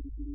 Thank you.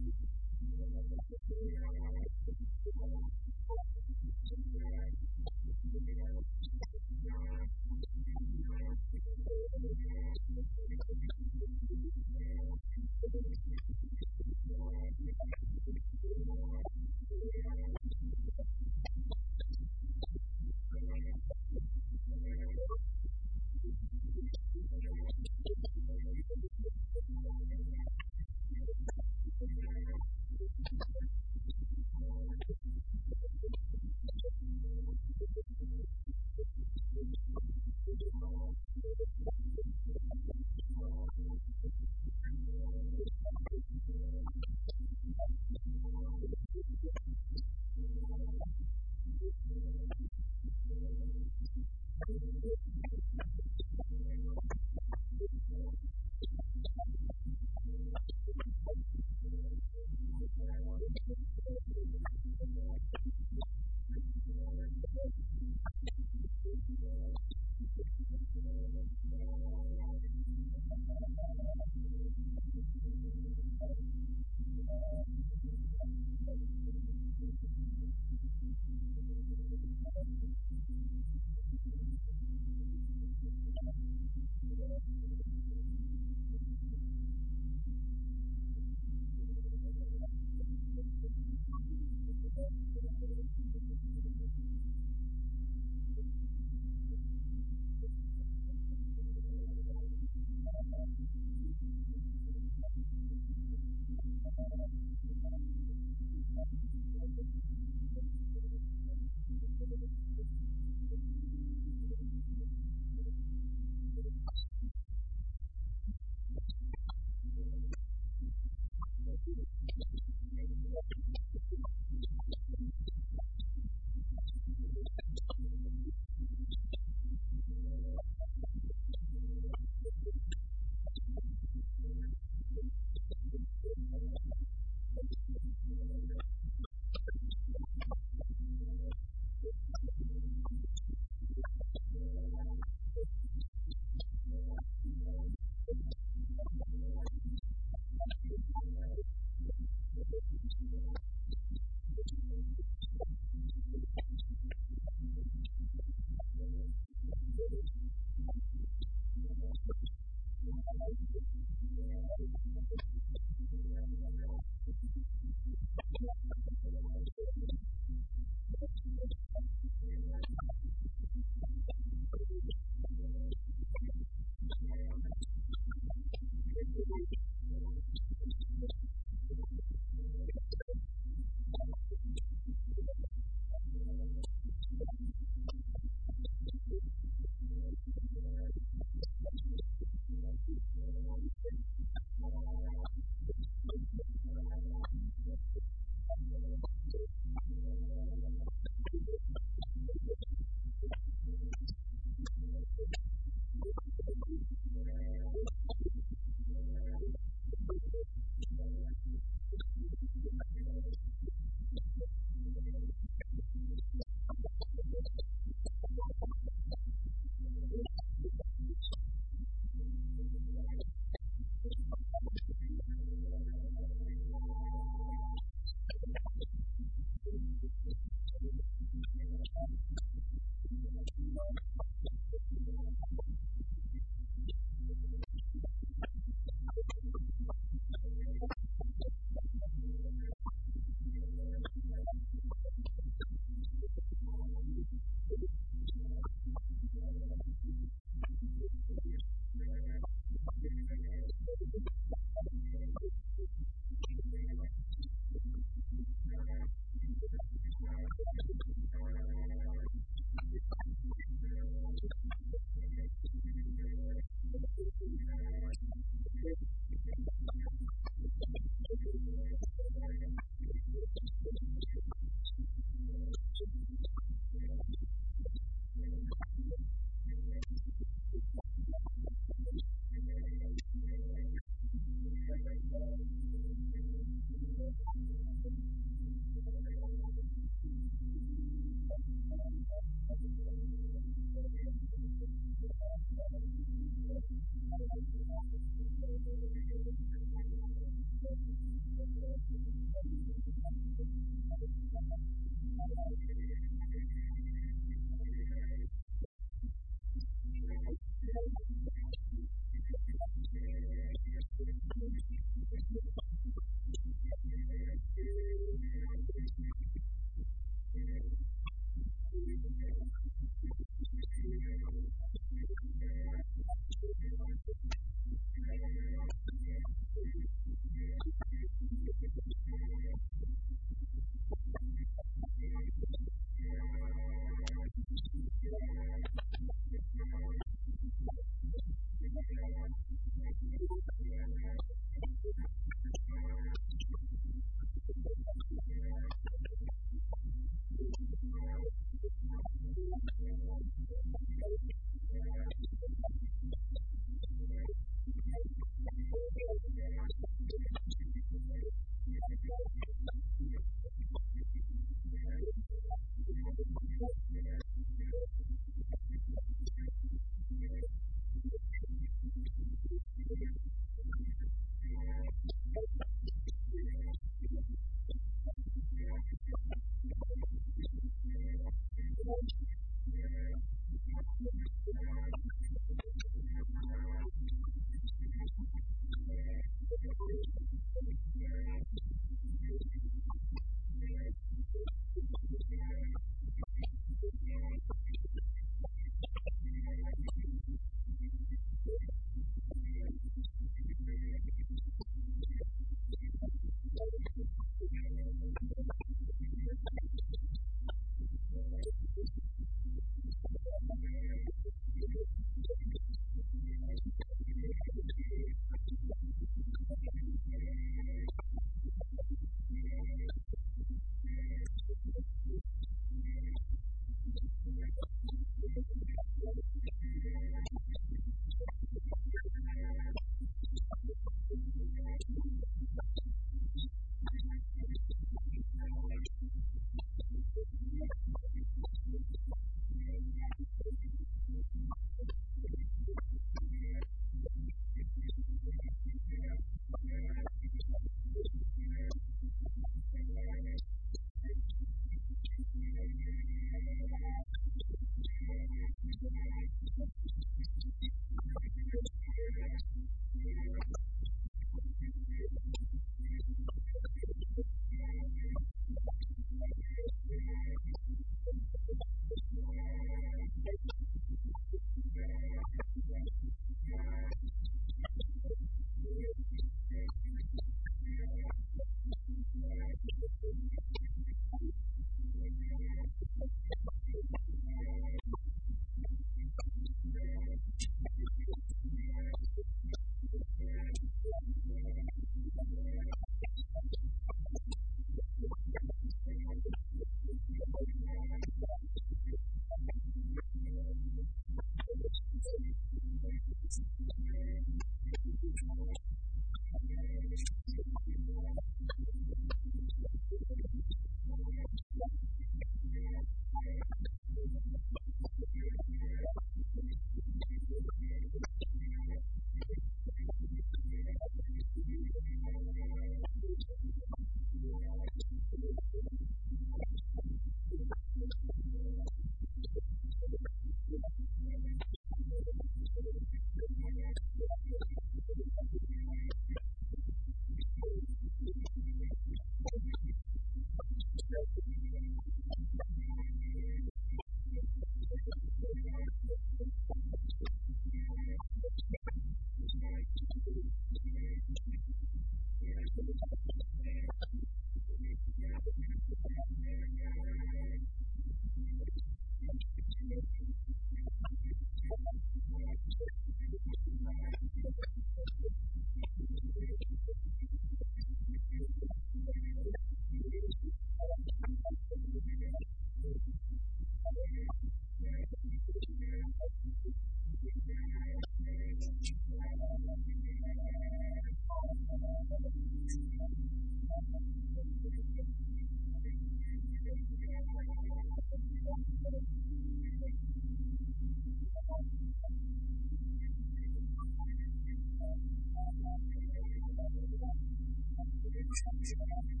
Thank you.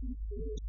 Thank you.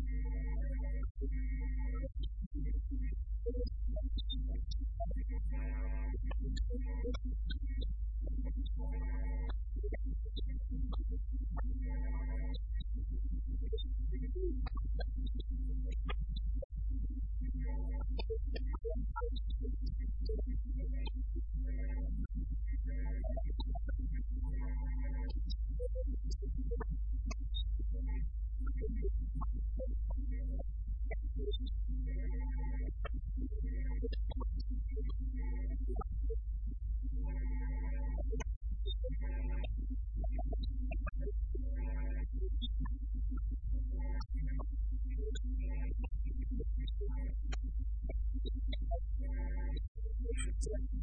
Thank you.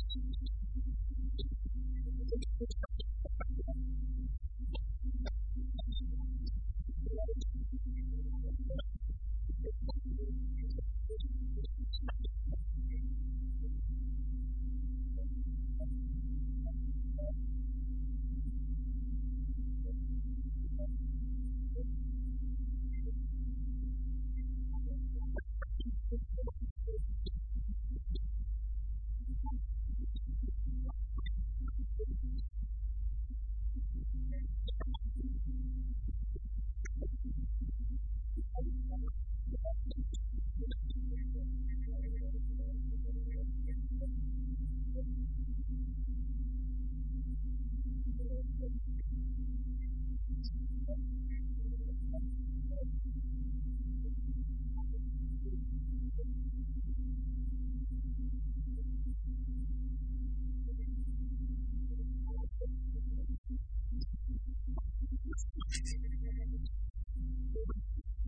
Thank you. I'm going to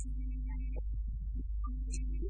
Thank you.